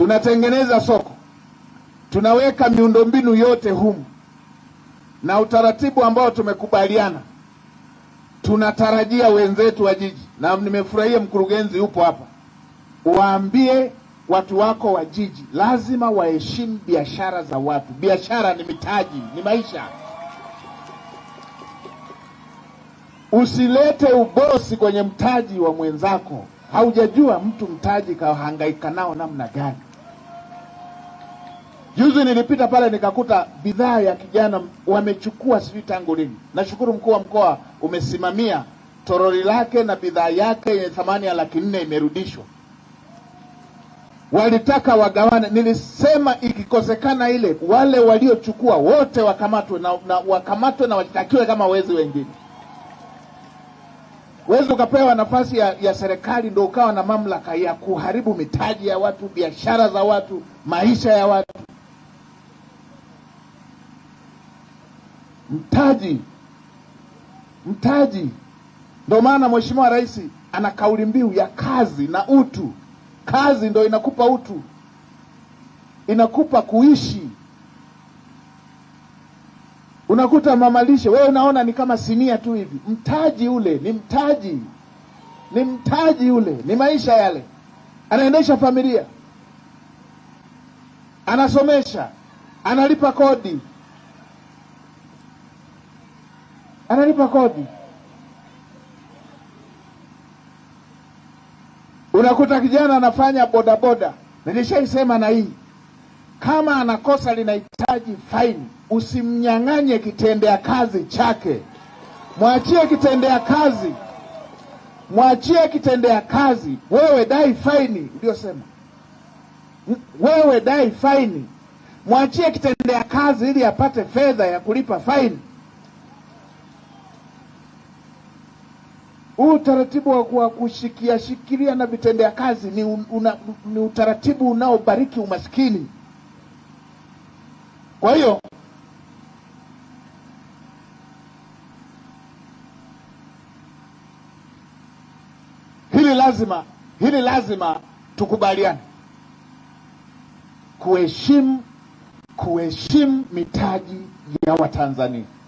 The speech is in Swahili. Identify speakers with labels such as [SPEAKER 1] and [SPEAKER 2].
[SPEAKER 1] tunatengeneza soko, tunaweka miundombinu yote humu na utaratibu ambao tumekubaliana. Tunatarajia wenzetu wa jiji, na nimefurahia mkurugenzi yupo hapa, waambie watu wako wa jiji lazima waheshimu biashara za watu. Biashara ni mitaji, ni maisha. Usilete ubosi kwenye mtaji wa mwenzako, haujajua mtu mtaji kahangaika nao namna gani. Juzi nilipita pale nikakuta bidhaa ya kijana wamechukua, sijui tangu lini. Nashukuru mkuu wa mkoa umesimamia toroli lake na bidhaa yake yenye thamani ya laki nne imerudishwa. Walitaka wagawane, nilisema ikikosekana ile, wale waliochukua wote wakamatwe na, na wakamatwe na washtakiwe kama wezi wengine. Wezi ukapewa nafasi ya, ya serikali ndio ukawa na mamlaka ya kuharibu mitaji ya watu, biashara za watu, maisha ya watu. mtaji, mtaji. Ndio maana Mheshimiwa Rais ana kauli mbiu ya kazi na utu. Kazi ndio inakupa utu, inakupa kuishi. Unakuta mamalishe, wewe unaona ni kama sinia tu hivi, mtaji ule ni mtaji, ni mtaji ule, ni maisha yale. Anaendesha familia, anasomesha, analipa kodi. analipa kodi. Unakuta kijana anafanya bodaboda, nilishaisema na hii kama anakosa linahitaji faini, usimnyang'anye kitendea kazi chake, mwachie kitendea kazi, mwachie kitendea kazi. Wewe dai faini uliyosema, wewe dai faini, mwachie kitendea kazi ili apate fedha ya kulipa faini. Huu utaratibu wa kushikia shikilia na vitendea kazi ni, una, ni utaratibu unaobariki umaskini. Kwa hiyo hili lazima hili lazima tukubaliane kuheshimu kuheshimu mitaji ya Watanzania.